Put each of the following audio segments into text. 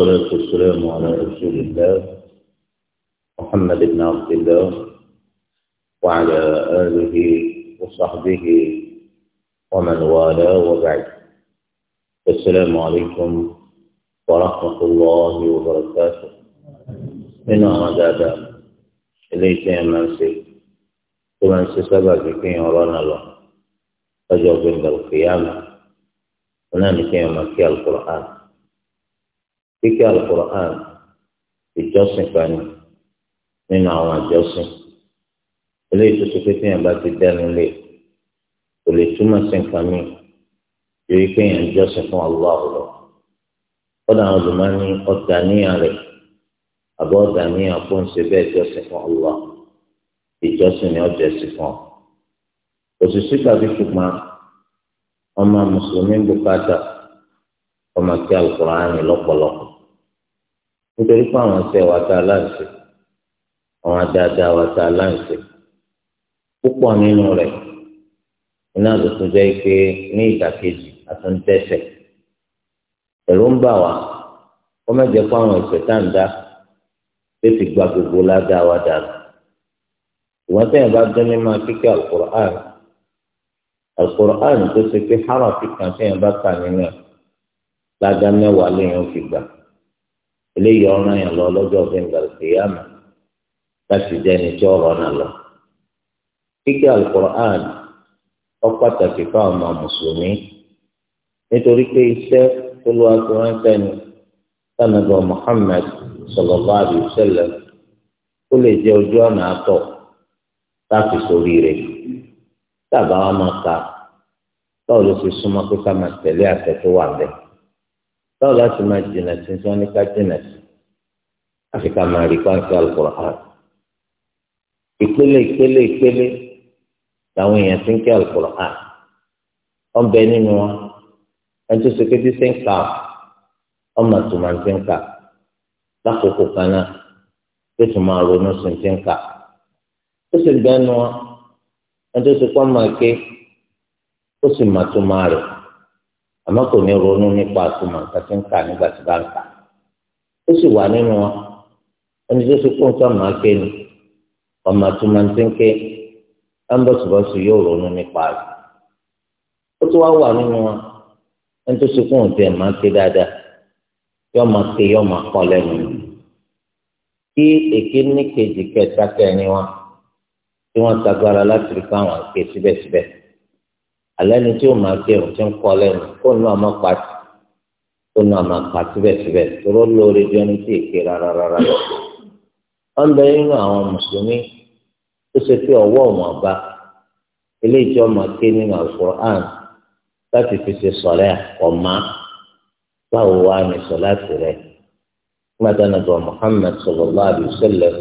والصلاة والسلام على رسول الله محمد بن عبد الله وعلى آله وصحبه ومن والاه وبعد السلام عليكم ورحمة الله وبركاته من أراد آدم إليك يا منسي ومنسي سبب كي يرانا الله أجر عند القيامة ونحن كي القرآن kíkẹ́ alukur'an ìjọsìn kanu nínú àwọn àjọsìn eléyìí tó ṣe pé téèyàn bá ti dẹnu lé kò lè túmọ̀ sí nǹkan mi yòóyí kéèyàn jọ́sìn fún Allah lọ kódà àwọn olùmọ́ni ọ̀tà níyàn rẹ̀ àbọ̀ ọ̀tà níyàn kó ń ṣe bẹ́ẹ̀ jọ́sìn fún Allah ìjọsìn ni ọjọ́ ẹ̀sìn fún ọ. òṣìṣẹ́ tàbí ṣùgbọ́n ọmọ mùsùlùmí bùkátà ọmọ kí alukur'an lọ́pọ̀lọpọ̀ nítorí pé àwọn ṣe wà tá a láǹṣe àwọn adáadáa wà tá a láǹṣe púpọ̀ nínú rẹ̀ iná ló tún jẹ́ pé ní ìdàkejì àtúntẹ̀sẹ̀ ẹ̀rù ń bà wá ó mẹ́jẹ̀ pé àwọn ìṣẹ̀ tá ń dá ló ti gba gbogbo ládàá wa dànù ìwọ́n tẹ̀yìn bá dún ní máa kíkẹ́ alukur'an alukur'an tó ṣe pé harafi kan tẹ̀yìn bá kà nínú ẹ̀ ládàá mẹ́wàá lèèyàn fi gbà eléyìí ọ̀ràn yẹn lọ lọ́jọ́ gbẹ̀ngà ìyáàmà láti jẹ́ ẹni tí ọ̀rọ̀ náà lọ. kíkẹ́ alukur'an ó pàtàkì fún àwọn mùsùlùmí nítorí pé iṣẹ́ tó lọ́ àtúránṣẹ́ ni sanadu muhammed sallallahu alayhi wa sallam ó lè jẹ́ ojú ọ̀nà àtọ̀ láti sórí rẹ̀ tábà wọn máa ka báwo fi súnmọ́ pé ká máa tẹ̀lé àtẹ̀ wà bẹ́ẹ̀ báwo láti máa jìnà sí sọ ní ká jìnà sí àfi ká máa rí pàṣẹ alukur'an ìpele ìpele ìpele làwọn èèyàn ti ń kí alukur'an wọn bẹ nínú wa ẹni tó ṣe kéde ṣe ń kà wọn máa tún máa ti ń kà lákòókò kan náà tó tún máa ronú sí ti ń kà ó sì bẹ nínú wa ẹni tó ṣe kọ́ máa ké ó sì máa tún máa rẹ̀ àmọ́ kò ní ronú nípa àtúmọ̀ nǹkan tí ń kà nígbà tí bá ń kà ó sì wà nínú wọn ẹni tó ti kó nǹkan máa ké ni ọmọ àtúmọ̀ ti ń ké ẹnbọ̀sibọ̀sì yóò ronú nípa rẹ̀ ó tún wá wà nínú wọn ẹni tó ti kó nǹkan máa ké dáadáa yóò máa ké yóò máa kọ́ lẹ́nu kí èké ní kejì kẹta kẹrin wọn tí wọ́n tagbára láti rí káwọn ké síbẹ̀síbẹ̀ alẹ́ ni tí o máa fi ẹ̀rù tí ń kọ́ lẹ́nu kó nu àmọ́ pàtì kó nu àmọ́ pàtì bẹ́ẹ̀sibẹ́ tóró lórí bí ẹni tí èké rárá rárá lọ. wọ́n bẹ nínú àwọn mùsùlùmí tó ṣe pé ọwọ́ wọn bá eléyìí tí wọ́n máa ké nínú Al-Qur'an láti fi ṣe sọ̀rẹ́ ọ̀ma báwo wá ní sọ láti rẹ̀ mọ́tànàbọ̀ Muhammad sallallahu alaihi wasallam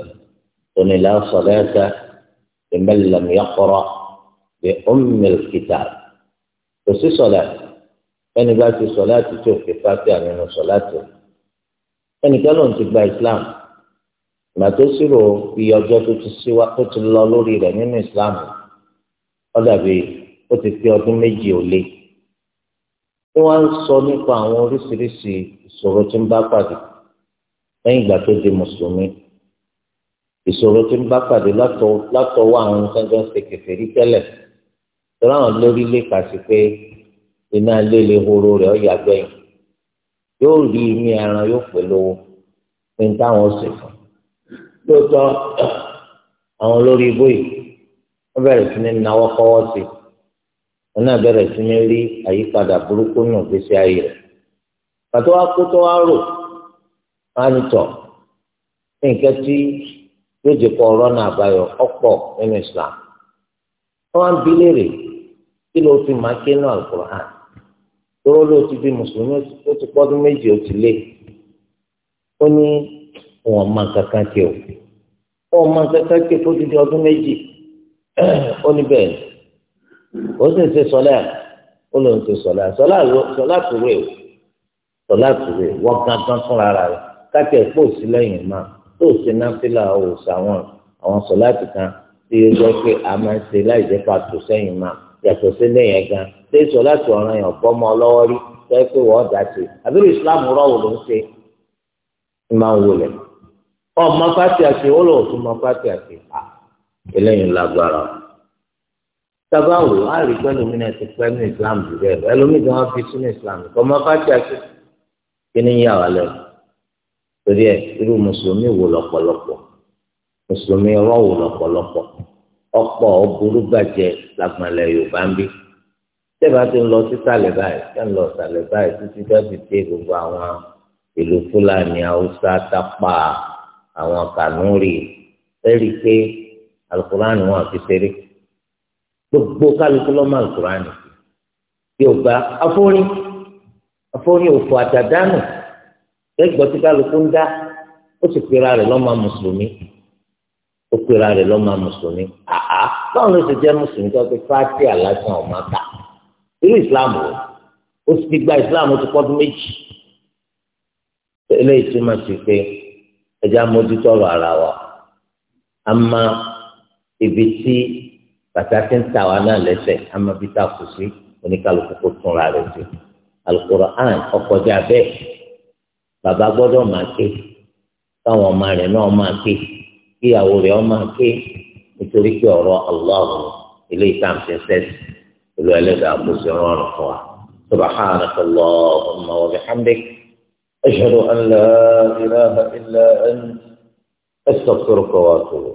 tónílá sọ̀rẹ́ ẹ̀ta ìmẹ́lẹ̀mí yaqra bi ummil kitab kò sí sọlá ẹni bá ti sọlá ti tó fi fásitì àmínú sọlá tó ẹnìkan lòun ti gba islam ìgbà tó ṣírò iye ọjọ́ tó ti síwá tó ti lọ lórí rẹ̀ nínú islam ó dàbí ó ti pé ọdún méjì ó lé tí wọ́n ń sọ nípa àwọn oríṣiríṣi ìṣòro tí ń bá pàdé lẹ́yìn ìgbà tó di mùsùlùmí ìṣòro tí ń bá pàdé látọwọ́ àwọn sẹ́ńtẹ́ńsì kèfèrí tẹ́lẹ̀ tọ́lá àwọn lórí lè kà sí pé iná lélẹ̀ horo rẹ̀ ọ̀ yà gbẹ̀yìn yóò rí inú ẹran yóò pè lówó ní táwọn sì fún lóòótọ́ àwọn olórí ibú yìí wọ́n bẹ̀rẹ̀ sí ní nawọ́ kọ́wọ́ sí i wọ́n náà bẹ̀rẹ̀ sí ní rí àyípadà burúkú nù gbèsè ayé rẹ̀ pàtó wá kó tó wá rò wọ́n ní tọ̀ ní nǹkan tí yóò jẹ́ kó ọ̀rọ̀ náà báyọ̀ ọ̀pọ̀ nínú Islam wọ́n á ń bi léèrè kí ló ti máa ké náà alukur'an tóró ló ti di mùsùlùmí ó ti pọ́dún méjì ó ti lé ó ní wọn máa kankan kí o wọn máa kankan kí o tó ti di ọdún méjì ó ní bẹ́ẹ̀ ó sì ń ṣe sọlẹ́ ó ló ń ṣe sọlẹ́ sọlá tòrò ẹ̀ sọlá tòrò ẹ̀ wọ́n kankan fúnra rẹ̀ káàkiri ẹ̀ pọ̀ sí lẹ́yìn máa tó ṣe náfìlà òòsàn àwọn àwọn sọlá ti kan tí ó jẹ́ pé a máa ń ṣe láì jẹ́ pàtó sẹ́yìn máa yàtọ̀ sí lẹ́yìn gan ṣé sọ láti ọ̀ràn yàn bọ́ ọmọ ọlọ́wọ́ rí sọ pé wọ́n dà sí àbúrò ìsìláàmù rọ́wọ́ ló ń ṣe ń máa ń wọlé ọmọ fásitì àti olóòtú ọmọ fásitì àti à eléyìí lágbára sábà wò á rí pẹ́lú mi náà ti pẹ́ ní ìsìláàmù jù bẹ́ẹ̀ lọ ẹlòmíì tí wọ́n fi sínú ìsìláàmù ọmọ fásitì àti kí ni yà wá lẹ́nu torí ẹ irú mùsùlùmí wò lọ́pọ̀lọpọ̀ mùsùlùmí rọ́wọ́ lọ́pọ̀lọpọ̀ ọ̀pọ̀ ọ̀bùrú bàjẹ́ làgbọ̀nlẹ̀ yorùbá ń bí tẹ́bà tó ń lọ sísàlẹ̀ báyìí tẹ́ ń lọ sàlẹ̀ báyìí títí tó fi dé gbogbo àwọn ìlú fúlàní haúsá tápà àwọn kànúrì ẹ̀rí pé alukurani wọn àti ṣeré gbogbo kálukú lọ́mọ alukurani yorùbá afọ́rin afọ́rin òfò àtàdánù ẹgbọ́n tí kálukú ń dá ó sì pera rẹ̀ lọ́mọ mùsùlùmí ó pera rẹ̀ lọ́mọ mùsùlùmí à báwo ló ṣe jẹ́ mùsùlùmí tó pé fáti aláṣàn ọ̀ma ta irú ìsìláàmù o ó ti gba ìsìláàmù tó pọ́dún méjì eléyìí túmọ̀ sí pé ẹja mójútó ọ̀rọ̀ ara wa a máa ibi tí bàtà ti ń ta wa náà lẹ́sẹ̀ a máa fi ta kù sí oníkàlùkù kó túnra rẹ̀ sí alukur'an ọkọjá bẹ́ẹ̀ bàbá gbọ́dọ̀ máa ké káwọn ọmọ rẹ̀ náà máa ké kíyàwó rẹ̀ ọ ké. nítorí pé ọ̀rọ̀ ọlọ́run ilé ìtàǹtì sẹ́sì olú ẹlẹ́dàá àkóso ọ̀rọ̀ fún wa subhanaka Allahumma wa ló ń lọ la ilaha illa anta kọ́ wa atubu